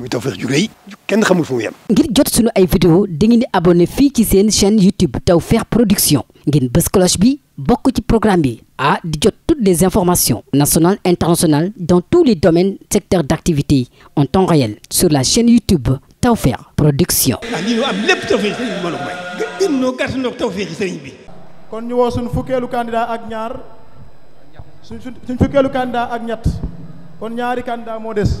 muy Tawfekh di abonné fii ci seen chaîne YouTube Tawfekh Production ngeen bës cloche ci programme bi di jot toutes les informations nationales internationales dans tous les domaines secteurs d'activité en temps réel sur la chaîne YouTube Tawfekh Production. ah lii am lépp Tawfekh sëriñ bi mbooloo mooy. gën gën ñoo gàtt ñoo Tawfekh sëriñ kon ñu woo suñu fukkeelu candidat ak ñaar suñ fukkeelu candidat ak ñett kon ñaari candidat moo des.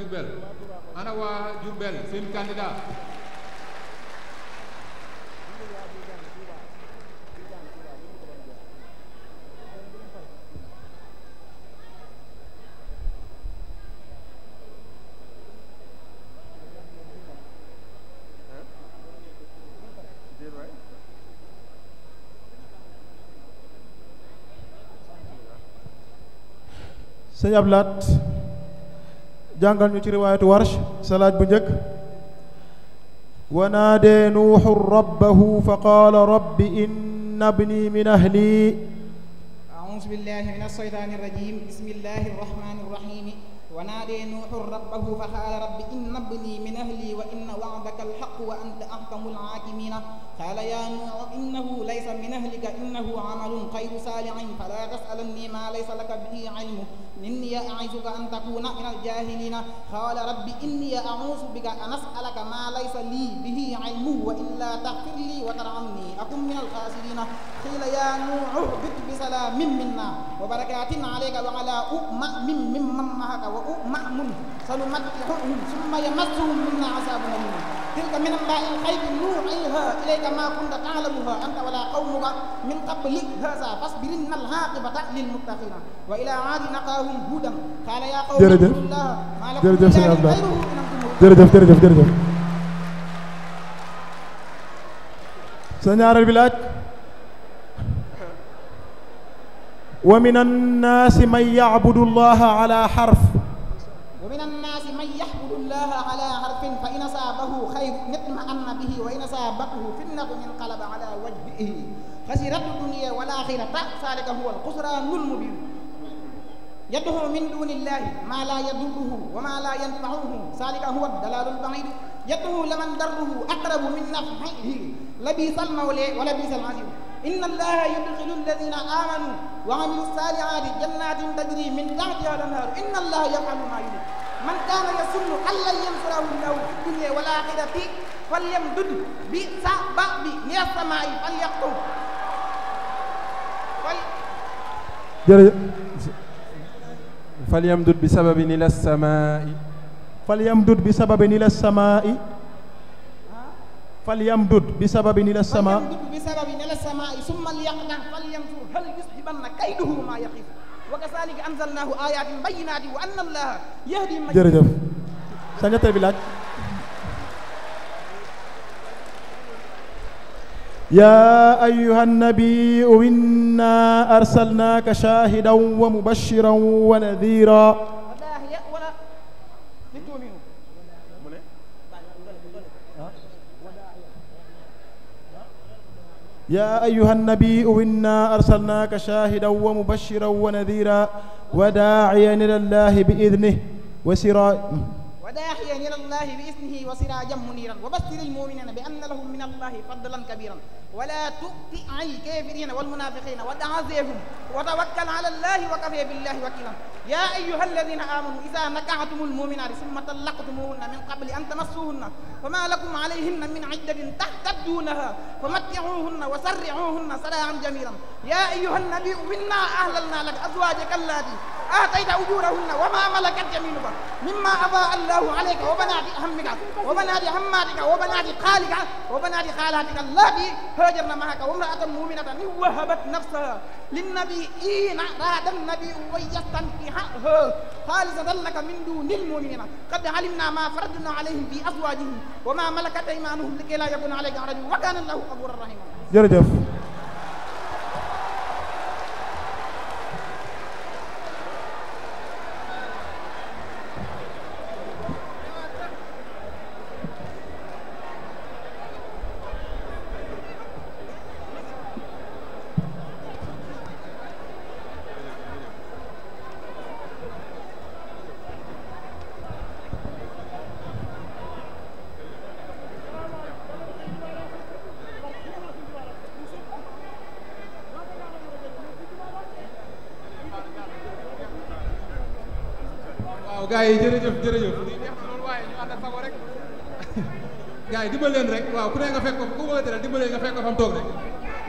Diourbel ana waa seen candidat sëñ Ablaat jàngal ñu ci riwaayatu warsh salaat bu njëkk wa naadee nuuxu rabbahu fa qaala rabbi inna bni min ahli auzu billahi min alsheytaani irrajim bismillahi arrahmani irrahimi wa naadee nuuxu rabbahu fa qaala rabbi inna bni min ahli wa inna wacdaka alxaqu wa anta axkamu alxaakimiina qaala yaa nuuxu innahu laysa min ahlika innahu camalun gayru saalixin falaa tasalanni maa laysa laka bihi cilmu inni a'izuka an takuna min al-jahilina qala rabbi inni a'udhu bika an as'alaka ma laysa li bihi 'ilmun wa illa taghfir li wa tarhamni akun min al-khasirin qila ya nuh ihbit bi salamin minna wa barakatin 'alayka wa 'ala ummin mimman ma'aka wa ummun sanumatti'uhum thumma yamassuhum minna 'adhabun alim tilka min ambaa il xaybi nuuxiiha ilayka maa kunta taalamuha anta wala qawmuka min qabli haza fasbirinna al aaqibata lil muttaqina wa ilaa aadin aqaahum huudan qaala yaa qawmi ittaqullaha maa lakum min ilaahin xayruhu in antum jërëjëf jërëjëf jërëjëf sa ñaareel bi laaj wa min annaasi man yacbudu allaha ala xarf الله على حرف فإن أصابه خير اطمأن به وإن أصابته فتنة انقلب على وجهه خسرت الدنيا والآخرة ذلك هو الخسران المبين يدعو من دون الله ما لا يضره وما لا ينفعه ذلك هو الضلال البعيد يدعو لمن ضره أقرب من نفعه لبيس المولى ولبيس العزيز إن الله يدخل الذين آمنوا وعملوا الصالحات جنات تجري من تحتها الأنهار إن الله يفعل ما يريد من كان يظن أن لن ينصره الله في الدنيا والآخرة فليمدد بسبب من السماء فليقطع jërëjëf falyamdud bi sababin ila samaa'i falyamdud bi sababin ila samaa'i falyamdud bi sababin ila samaa'i falyamdud bi sababin ila samaa'i summa liyaqna falyamdud hal yusjibanna kayduhu ma yaqif wa kazalika anzalnahu ayatin bayyinatin wa anna allaha yahdi man jërëjëf sa ñetteel bi laaj يا أيها النبي إنا أرسلناك شاهدا ومبشرا ونذيرا يا أيها النبي إنا أرسلناك شاهدا ومبشرا ونذيرا وداعيا إلى الله بإذنه وسراجا وداعيا إلى الله بإذنه وسراجا منيرا وبشر المؤمنين بأن لهم من الله فضلا كبيرا wala tuti al kafirina wal munafiqina wa da'azihum wa tawakkal ala allahi wa kafa billahi wakilan ya ayyuha alladhina amanu idha nakahtumul mu'minati thumma talaqtumuhunna min qabli an tamassuhunna fama lakum alayhinna min iddatin tahtaddunaha famatti'uhunna wa sarri'uhunna sarahan jamilan ya ayyuha an-nabiyyu inna ahlalna lak azwajaka allati آتيت أجورهن وما ملكت يمينك مما أفاء الله عليك وبنات عمك وبنات عماتك وبنات خالك وبنات خالاتك اللاتي هاجرن معك وامرأة مؤمنة إن وهبت نفسها للنبي إن أراد النبي أن يستنكحها خالصة لك من دون المؤمنين قد علمنا ما فرضنا عليهم في أزواجهم وما ملكت أيمانهم لكي لا يكون عليك حرج وكان الله غفورا رحيما jërëjëf waaw gars yi jërëjëf a lii neex na loolu waaye ñu ànd sago rek gars yi dimbal leen rek waaw ku ne nga fekk ko ku bëgg dara dimbal leen nga fekk ko fa mu toog rek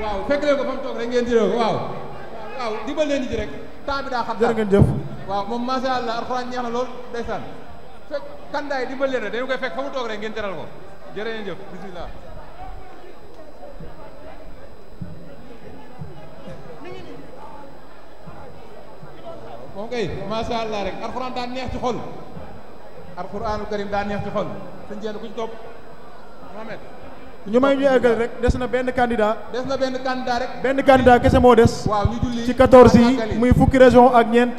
waaw fekk leen ko fa mu toog rek ngeen waaw waaw dimbal leen ji rek temps bi daa xam jërë ngeen jëf waaw moom masha Allah alxuraan neex na lool ndeysaan fekk kandaay dimbal leen rek dañu koy fekk fa mu toog rek ngeen teral ko jërë ngeen jëf kay macha allah rek alxuraan daa neex ci xol alxuraanul karim daa neex ci xol sëñ ñu may ñu eggal rek des na benn candidat des na benn candidat rek benn candidat kese moo des waaw ñu julli ci quatorze yi muy fukki région ak ñeent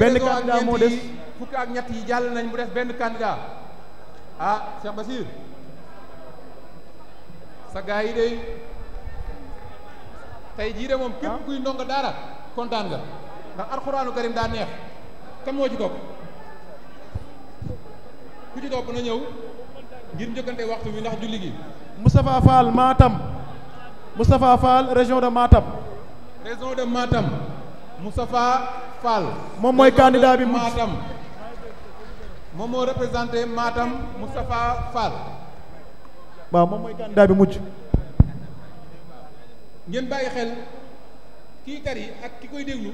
benn candidat moo des fukki ak ñett yi jàll nañ mu des benn candidat ah Cheikh sa gars yi de tey jii de moom képp kuy ndongo daara kontaan la ndax alxuraanu karim daa neex kan moo ci topp ku ci topp na ñëw ngir njëkkante waxtu wi ndax julli gi Moustapha Fall Matam Moustapha Fall région de Matam région de Matam Moustapha Fall moom mooy candidat bi Matam moom moo moom mooy candidat bi mujj ngeen bàyyi xel kii kar yi ak ki koy déglu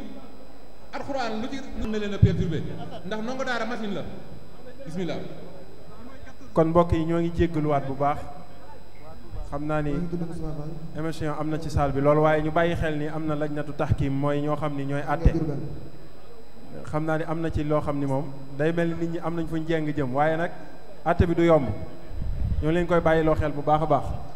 alxuraan lu ci ndax ndongo daara machine la bismillah kon mbokk yi ñoo ngi jéggaluwaat bu baax xam naa ni émission am na ci salle bi loolu waaye ñu bàyyi xel ni am na tax taxkiim mooy ñoo xam ni ñooy àtte xam naa ni am na ci loo xam ni moom day mel nit ñi am nañ fu ñu jëm waaye nag àtte bi du yomb ñoo leen koy bàyyi loo xel bu baax a baax